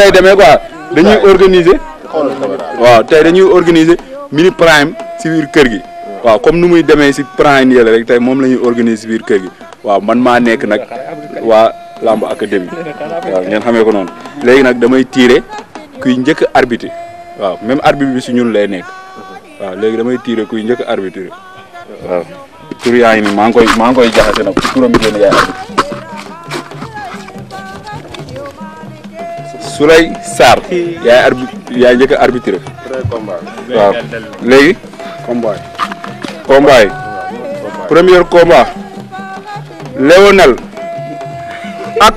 lay demee quoi dañuy organiser waaw tey dañuy organiser mini prime si biir kër gi waaw comme nu muy demee si prime yële rek tey moom la ñuy organiser si biir kër gi waaw man maa nekk nag waa lamb académie waaw ngeen xamee ko noonu léegi nag damay tiire kuy njëkk arbitre waaw même arbitre bi si ñun lay nekk waaw léegi damay tiire kuy njëkk arbitre waaw tur yaa ngi nii maa ngi koy maa ngi koy jaxase nag turam génn yaay Souley Sarr. yaay arbi yaay njëkk a arbitré. waaw léegi. premier combat. Léonel ak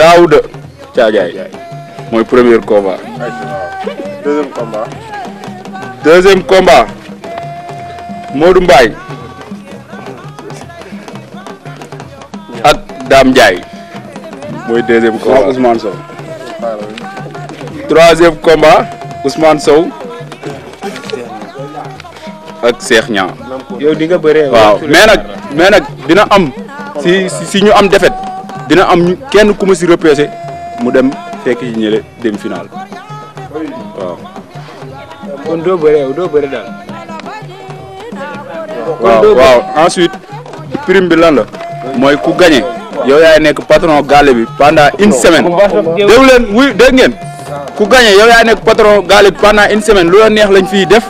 Daouda Thiadiaye mooy premier combat. deuxième ak Dame mooy deuxième combat Ousmane Sow. troisième combat Ousmane Sow ak Cheikh Niang. waaw mais nag mais nag dina am si si ñu am défaite dina am kenn ku ma si repêché mu dem fekk ci ñële dem final waaw. ensuite prime bi la mooy ku gagné. yow yaay nekk patron gaale bi pendant une semaine déglu leen wuy dégg ngeen ku gagné yow yaay nekk patron gaale bi pendant une semaine lu la neex lañ fiy def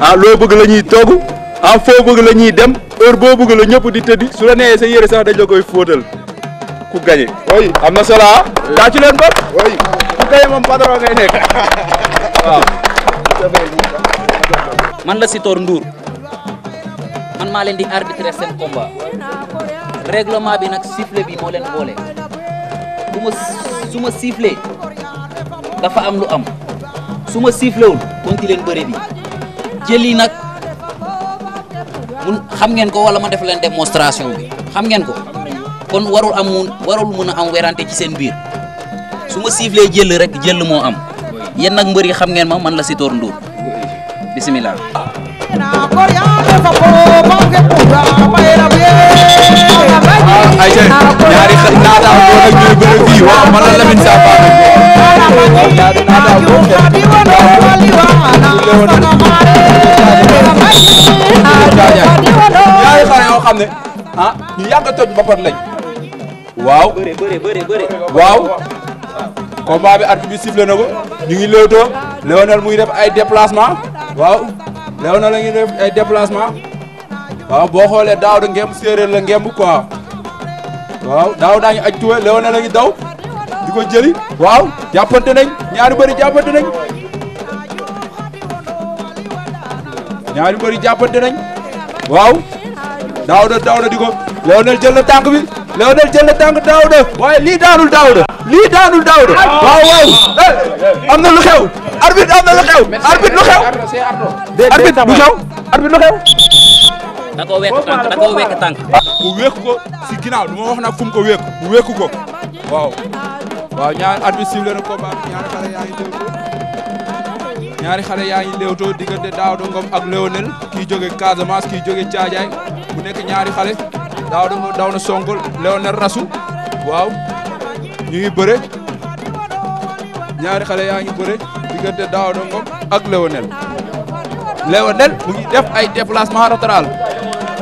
ah loo bëgg la ñuy togg ah foo bëgg ñuy dem heure boo bëgg la ñëpp di tëddi su la neexee sa yére sax dañ la koy fóotal ku gagné. oui am na solo ah. daa ci leen bopp. oui man la Sitor Ndour man maa leen di arbitrer seen règlement bi nag sifflet bi moo leen boole su ma su ma dafa am lu am su ma sifflewul konti leen bëre bi jëli nag mun xam ngeen ko wala ma def leen démonstration bi xam ngeen ko kon warul am mun warul mun a am werante ci seen biir su ma sifflee jël rek jël moo am yéen nag mbër yi xam ngeen ma man la Sitor Ndour bisimilah. ñaari xel naata am doon ak ñuy bëri fii wax la Lamine Samba ñaari naata am doon ne ah ñu yàgg a toj mbapat lañ waaw waaw combat bi arbitre bi sifflé na ko ñu muy def ay déplacement waaw léew na la déplacement waaw boo xoolee daaw da ngemb séeréer la ngemb quoi waaw daaw daañu aj tuwe léew na la daw di ko jëli waaw jàppante nañ ñaari mbëri jàppante nañ ñaari mbëri jàppante nañ waaw daaw da daaw da ko léew na jël na tànk bi léew na jël na tànk daaw waaye lii daanul daaw lii daanul daaw de. waaw waaw. Eh, am na lu xew. arbitre lu xew. arbitre lu xew. da koo wekk tànk da koo wekk tànk. mu wekk ko si ginnaaw ma wax nag fu ko wekk mu wekk ko waaw. waaw ñaar arbitre sifflé na combat ñaari xale yaa ngi léewtoo ñaari xale yaa ngi léewtoo diggante Daouda ak Léonel kii jóge Casamance kii jóge Thiadiaye bu nekk ñaari xale Daouda daw na songol Léonel rasu waaw. ñu bëre ñaari xale yaa ngi bëre diggante Daouda Ngom ak Léonel Léonel mu ngi def ay déplacement latéral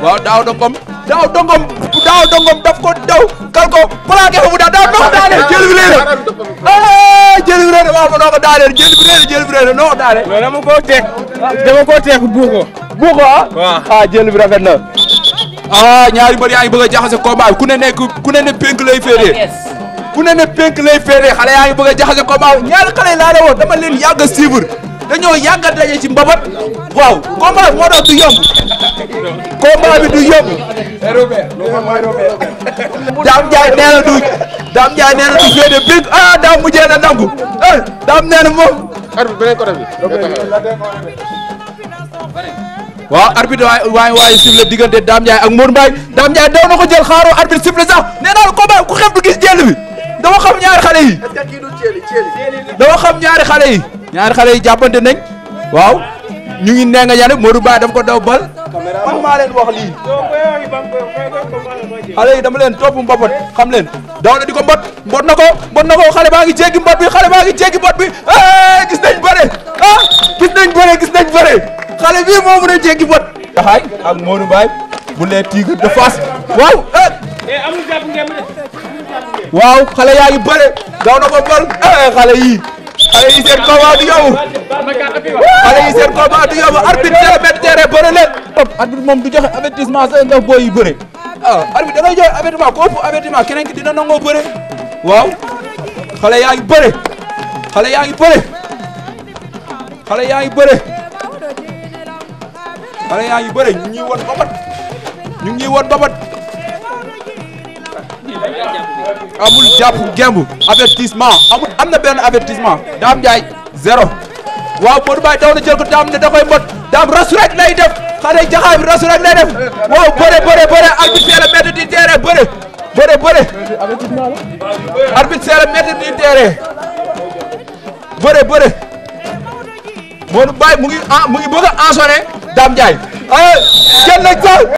waaw Daouda Ngom Daouda Ngom Daouda Ngom daf ko daw kal ko plaqué fa mu daal daaw daale jël bi réere eh, jël bi réere waaw ma noo daale jël bi réere jël bi réere noo ko daale mais dama koo teeg dama koo teeg buuxo buuxo ah ah jël bi rafet na ah ñaari mbër yaa ngi bëgg a jaxase combat ku ne ne penk lay féetee ku ne ne penk lay féetee xale yaa ngi bëgg a jaxase ko baaw ñaari xale yi laa woon dama leen yàgg a suivre dañoo yàgg a daje ci mbabat waaw combat bi moo tax du yomb combat bi du yomb. daam jaay nee du daam jaay nee ah, daam mujjee na nangu ah eh, daam nee na waaw arbitre waay waay waay sifflé diggante Dame Ndiaye ak Mor Mbaye Dame Ndiaye daw na ko jël xaaroo arbitre sifflé sax nee naa la ku xeeb du gis jël bi. dama xam ñaari xale yi. est-ce xam ñaari xale yi. ñaari xale yi jàppante nañ. waaw ñu ngi nee nga yàlla Modou Ba daf ko daw bal. man maa wax lii. xale yi dama leen topp mbopot xam leen. daw na di ko mbot mbot na ko mbot na ko xale baa ngi jéggi mbot bi xale baa ngi jéggi mbot bi eh, gis nañ bëre ah gis nañ bëre gis nañ bëre xale bii moo mën a jéggi mbot. Jaxaay ak Modou Mbaye bu lee Tigre de Fass waaw. Eh. Eh, amul jàpp waaw xale yaa ngi bëre daw na ko bal eh, xale yii xale yii seen combat du yomb xale yii seen combat du yomb arbitre teel a mel terrain bëre leen. arbitre moom du joxe avertissement sa ndax booy yi bëre ah arbitre da ngay joxe avertissement koo fu avertissement keneen ki dina nangoo bëre waaw xale yaa ngi bëre xale yaa ngi bëre xale yaa ngi bëre xale yaa ngi bëre ñu ngi woon babat ñu ngi woon babat amul jàpp gemb avertissement amul am na benn avertissement Dame Ndiaye zéro waaw Modou Mbaye daw na jël ko Dame ne da koy mbot Dame rasu lay def xale jaxaay bi lay def waaw bëre bëre bëre arbitre c'est le maître du terrain bëre bëre bëre arbitre c'est le maître du terrain bëre mu ngi ah, mu ngi bëgg a ensonné Dame Ndiaye ah, jël nañ ko